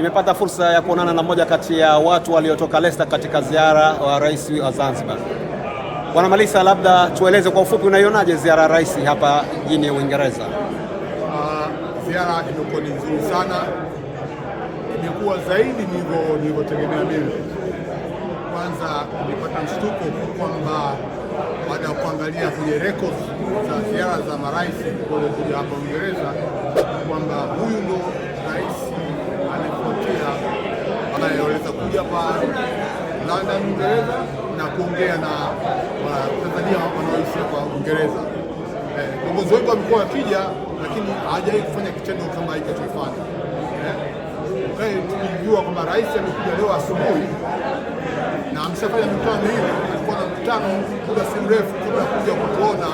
nimepata fursa ya kuonana na mmoja kati ya watu waliotoka Leicester katika ziara wa rais wa Zanzibar. Bwana Malisa, labda tueleze kwa ufupi, unaionaje ziara ya rais hapa jijini Uingereza? Uh, ziara imekuwa ni nzuri sana, imekuwa zaidi nilivyotegemea mimi. Kwanza nilipata mshtuko kwamba baada ya kuangalia kwenye records za ziara za marais waliokuja hapa Uingereza kwamba hapa London Uingereza na kuongea na Watanzania uh, wanaoishi hapa Uingereza. Viongozi eh, wengi wamekuwa wakija, lakini hawajawahi kufanya kitendo kama hiki eh, eh, Tukijua kwamba rais amekuja leo asubuhi na ameshafanya mikutano hivi, alikuwa na mkutano muda si mrefu kabla kuja kutuona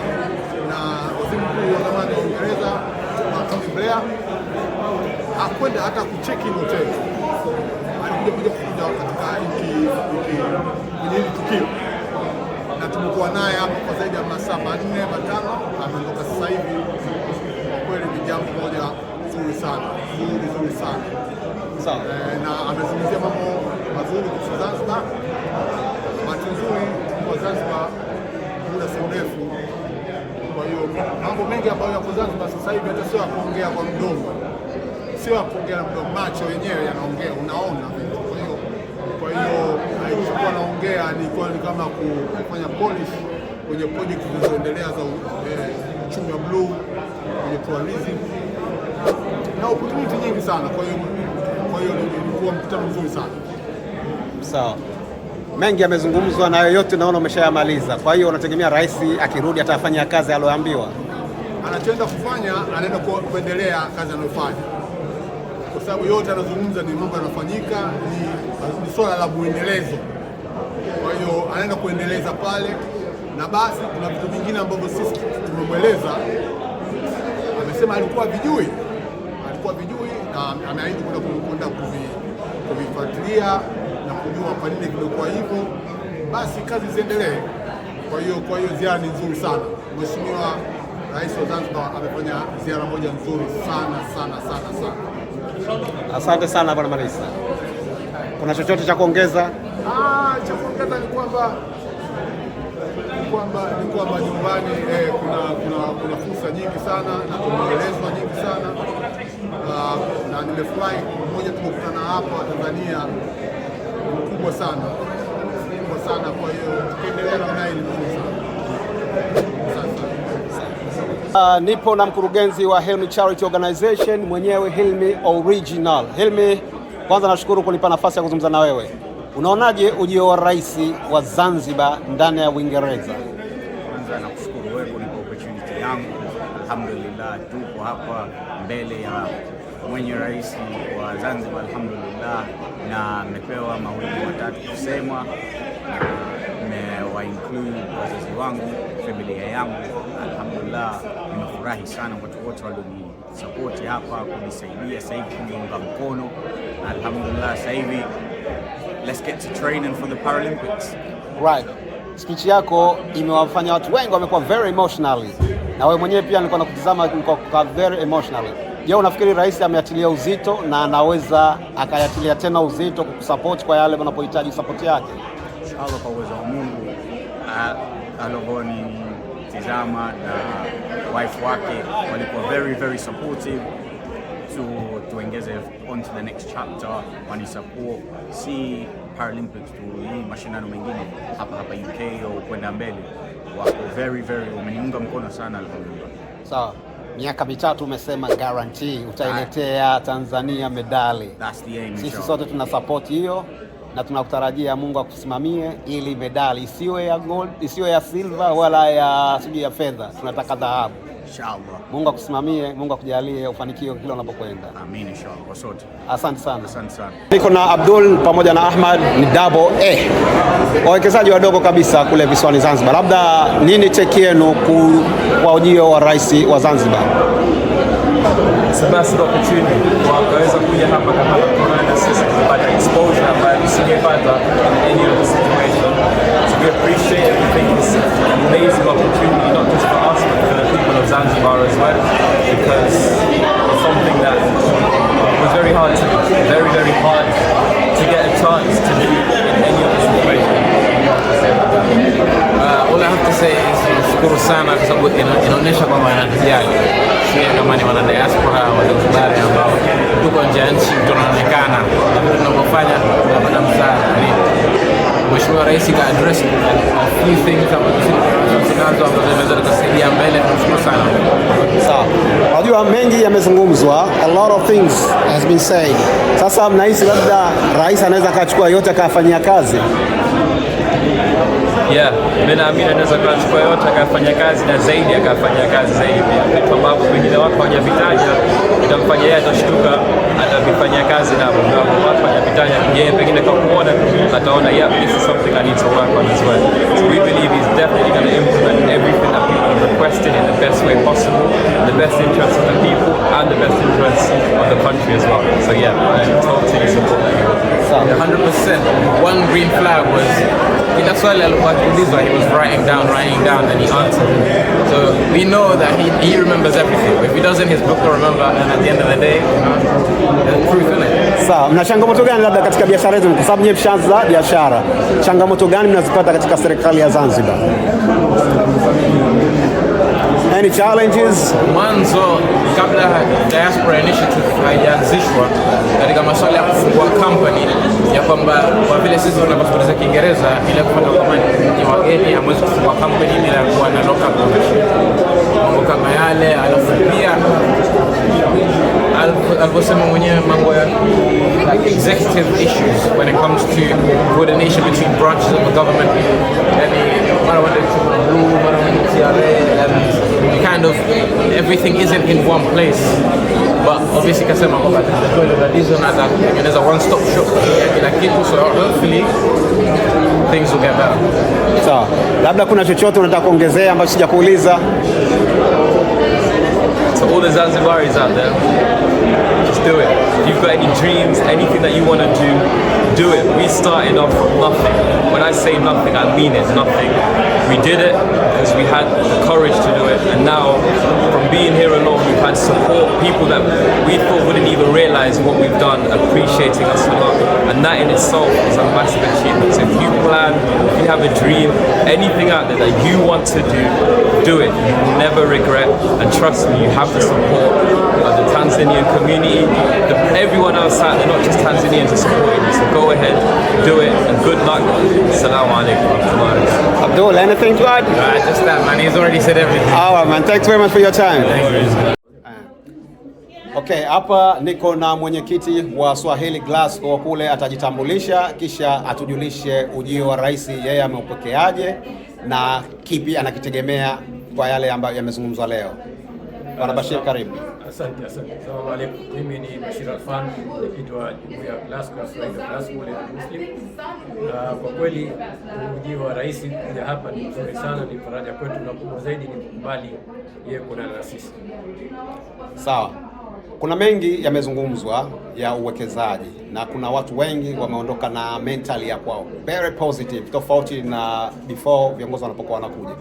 na waziri mkuu wa zamani wa Uingereza Tony Blair, hakwenda hata kucheki hoteli, alikuja kuja kuja katika kwenye hili tukio na tumekuwa naye hapa kwa zaidi ya masaa manne matano, ameondoka sasa hivi. Kwa kweli ni jambo moja zuri sana zuri zuri sana sawa, eh, na amezungumzia mambo mazuri kuhusu Zanzibar. Bahati nzuri kwa Zanzibar muda si mrefu, kwa hiyo mambo mengi ambayo yako Zanzibar sasa hivi hata sio ya kuongea kwa mdomo, sio ya kuongea na mdomo, macho yenyewe yanaongea, unaona alichokuwa naongea nilikuwa ni kama kufanya polish kwenye project zinazoendelea za eh, uchumi wa bluu, kwenye tourism na opportunity nyingi sana. Kwa hiyo kwa hiyo ilikuwa mkutano mzuri sana. Sawa, mengi yamezungumzwa na yoyote naona umeshayamaliza. Kwa hiyo unategemea rais akirudi atafanya kazi aliyoambiwa, anachoenda kufanya, anaenda kuendelea kazi anayofanya kwa sababu yote anazungumza ni mambo yanafanyika, ni swala la muendelezo. Kwa hiyo anaenda kuendeleza pale, na basi kuna vitu vingine ambavyo sisi tumemweleza, amesema alikuwa vijui, alikuwa vijui na ameahidi kwenda kuvifuatilia na kujua kwa nini vilikuwa hivyo, basi kazi ziendelee. Kwa hiyo kwa hiyo ziara ni nzuri sana. Mheshimiwa Rais wa Zanzibar amefanya ziara moja nzuri sana sana sana sana. Asante sana bwana Marisa, kuna chochote cha kuongeza? Ah, cha kuongeza ni kwamba kwamba ni kwamba nyumbani eh, kuna kuna kuna fursa nyingi sana na kuna nyingi sana uh, na nimefurahi mmoja tumekutana hapa Tanzania mkubwa sana mkubwa sana, kwa hiyo tukiendelea na naye ni Uh, nipo na mkurugenzi wa Helmi Charity Organization mwenyewe Helmi Original. Helmi, kwanza nashukuru kunipa nafasi ya kuzungumza na wewe. Unaonaje ujio wa rais wa Zanzibar ndani ya Uingereza? Kwanza nakushukuru wewe kunipa opportunity yangu. Alhamdulillah, tupo hapa mbele ya mwenye rais wa Zanzibar, alhamdulillah, na nimepewa mawili matatu kusema na kuwa include wazazi wangu, familia yangu. Alhamdulillah, nimefurahi sana watu wote walionisapoti hapa kunisaidia sasa hivi kuniunga mkono. Alhamdulillah, sasa hivi let's get to training for the Paralympics. Right. Speech yako imewafanya watu wengi wamekuwa very emotionally, na wewe mwenyewe pia nilikuwa nakutazama kwa very emotionally. Je, unafikiri rais ameatilia uzito na anaweza akayatilia tena uzito kukusupport kwa yale wanapohitaji support yake? Inshallah, kwa uwezo wa Mungu Alohoni Tizama na wife wake walikuwa very very supportive to tuengeze on to the next chapter, wanisupport si Paralympics tu, hii mashindano mengine hapa hapa UK au kwenda mbele, wako very very wameniunga mkono sana alhamdulillah. Sawa, miaka mitatu umesema guarantee utailetea Tanzania medali. That's the aim. Sisi sote tuna support hiyo na tunakutarajia Mungu akusimamie ili medali isiwe ya gold, isiwe ya silver wala ya sijui ya fedha, tunataka dhahabu inshallah. Mungu akusimamie, Mungu akujalie ufanikio kila unapokwenda. Amin, inshallah. Wasote. Asante sana. Asante sana. Niko na Abdul pamoja na Ahmad ni double A. Wawekezaji wadogo kabisa kule visiwani Zanzibar. Labda nini cheki yenu kwa ujio wa rais wa Zanzibar? It's basi toka chini wakaweza kuja hapa kama na sisi kupata exposure ambayo tusingepata in any other situation. So we appreciate everything. It's this an amazing opportunity not just for us but for the people of Zanzibar as well because it's something that nashukuru sana kwa sababu inaonyesha kwamba wanatujali sisi kama ni wana diaspora wa Zanzibar ambao tuko nje ya nchi tunaonekana tunapofanya, tunapata msaada. Yaani, Mheshimiwa Rais ka address a few things ambazo zinaweza kusaidia mbele. Tunashukuru sana. Sawa, unajua mengi yamezungumzwa, a lot of things has been said. Sasa mnahisi labda rais anaweza akachukua yote akayafanyia kazi? Yeah, mimi naamini anaweza kwa mtu yote akafanya kazi na zaidi akafanya kazi zaidi pia, vitu ambavyo wengine watu hawajavitaja itamfanya yeye atashtuka, atavifanyia kazi navyo ambavyo watu hawajavitaja, yeye pengine kwa kuona ataona, yeah this is something I need to work on as well. So we believe he's definitely going to implement everything that people are requesting in the best way possible, in the best interest of the people and the best interest country as well. So yeah, I totally support that. support. 100%. One green flag was kila swali alikuwa he was writing down, writing down, and he answered. So we know that he, he remembers everything. If he doesn't, his book will remember, and at the end of the day, you know, proof in it. Sawa, mna changamoto gani labda katika biashara zenu? Kwa sababu nyewe mshaanza biashara, changamoto gani mnazipata katika serikali ya Zanzibar? Any challenges? Mwanzo kabla diaspora initiative haijaanzishwa katika masuala ya kufungua company, ya kwamba kwa vile sisi tuna pasipoti za Kiingereza, ile kupata kama ni wageni, hamwezi kufungua company bila kuwa na local ownership, mambo kama yale. Alafu pia alivyosema mwenyewe mambo ya executive issues when it comes to coordination between branches of the government, yani mara wende TRA kind of everything isn't in one place but obviously kasema kwamba kweli udadizi unaweza kutengeneza one stop shop ya kila kitu so hopefully things will get better. Sawa, labda kuna chochote unataka kuongezea ambacho sijakuuliza? So all the Zanzibaris out there, just do it. If you've got any dreams, anything that you want to do, do it. We started off from nothing. When I say nothing, I mean it, nothing. we did it because we had the courage to do it. And now, from being here alone, we've had support, people that we thought wouldn't even realize what we've done, appreciating us a lot. And that in itself is a massive achievement. So if you plan, if you have a dream, anything out there that you want to do, do it. You will never regret. And trust me, you have the support of the Tanzanian community, the, everyone outside, there, not just Tanzanians, are supporting you. So go ahead, do it, and good luck. Salaam alaikum. Abdul, to thank God? No, uh, just that, man. He's already said everything. All right, man. Thanks very much for your time. Thank you. Okay, hapa niko na mwenyekiti wa Swahili Glasgow kule, atajitambulisha kisha atujulishe ujio wa rais, yeye ameupokeaje na kipi anakitegemea kwa yale ambayo yamezungumzwa leo. Bwana Bashir, karibu. Asante, asante. Salamu alaikum. Mimi ni Bashir Alfan, mwenyekiti wa jumuiya ya Glasgow Muslim, na kwa kweli mji wa rais kuja hapa ni mzuri sana, ni faraja kwetu, na kubwa zaidi ni kukubali yeye kuna na sisi. Sawa. Kuna mengi yamezungumzwa ya uwekezaji na kuna watu wengi wameondoka na mentali ya kwao very positive, tofauti na before viongozi wanapokuwa wanakuja.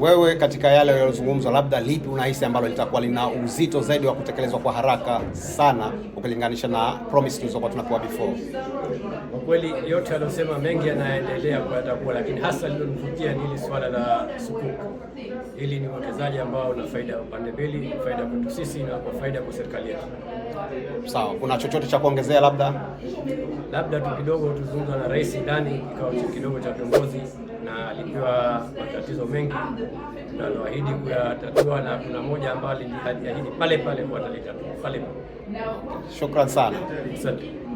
Wewe katika yale yaliyozungumzwa, labda lipi unahisi ambalo litakuwa lina uzito zaidi wa kutekelezwa kwa haraka sana ukilinganisha na promise tulizokuwa tunapewa before? Kwa kweli yote aliyosema, mengi yanaendelea kwa yatakuwa, lakini hasa lilonivutia ni hili swala la sukuk. Hili ni uwekezaji ambao una faida upande mbili, faida kwetu sisi na kwa faida kwa serikali Sawa, kuna chochote cha kuongezea? Labda labda tu kidogo tuzungumza na rais ndani kikao kidogo cha viongozi, na alipewa matatizo mengi na aliahidi kuyatatua, na kuna moja ambayo aliahidi pale pale atalitatua pale. Shukrani sana, asante.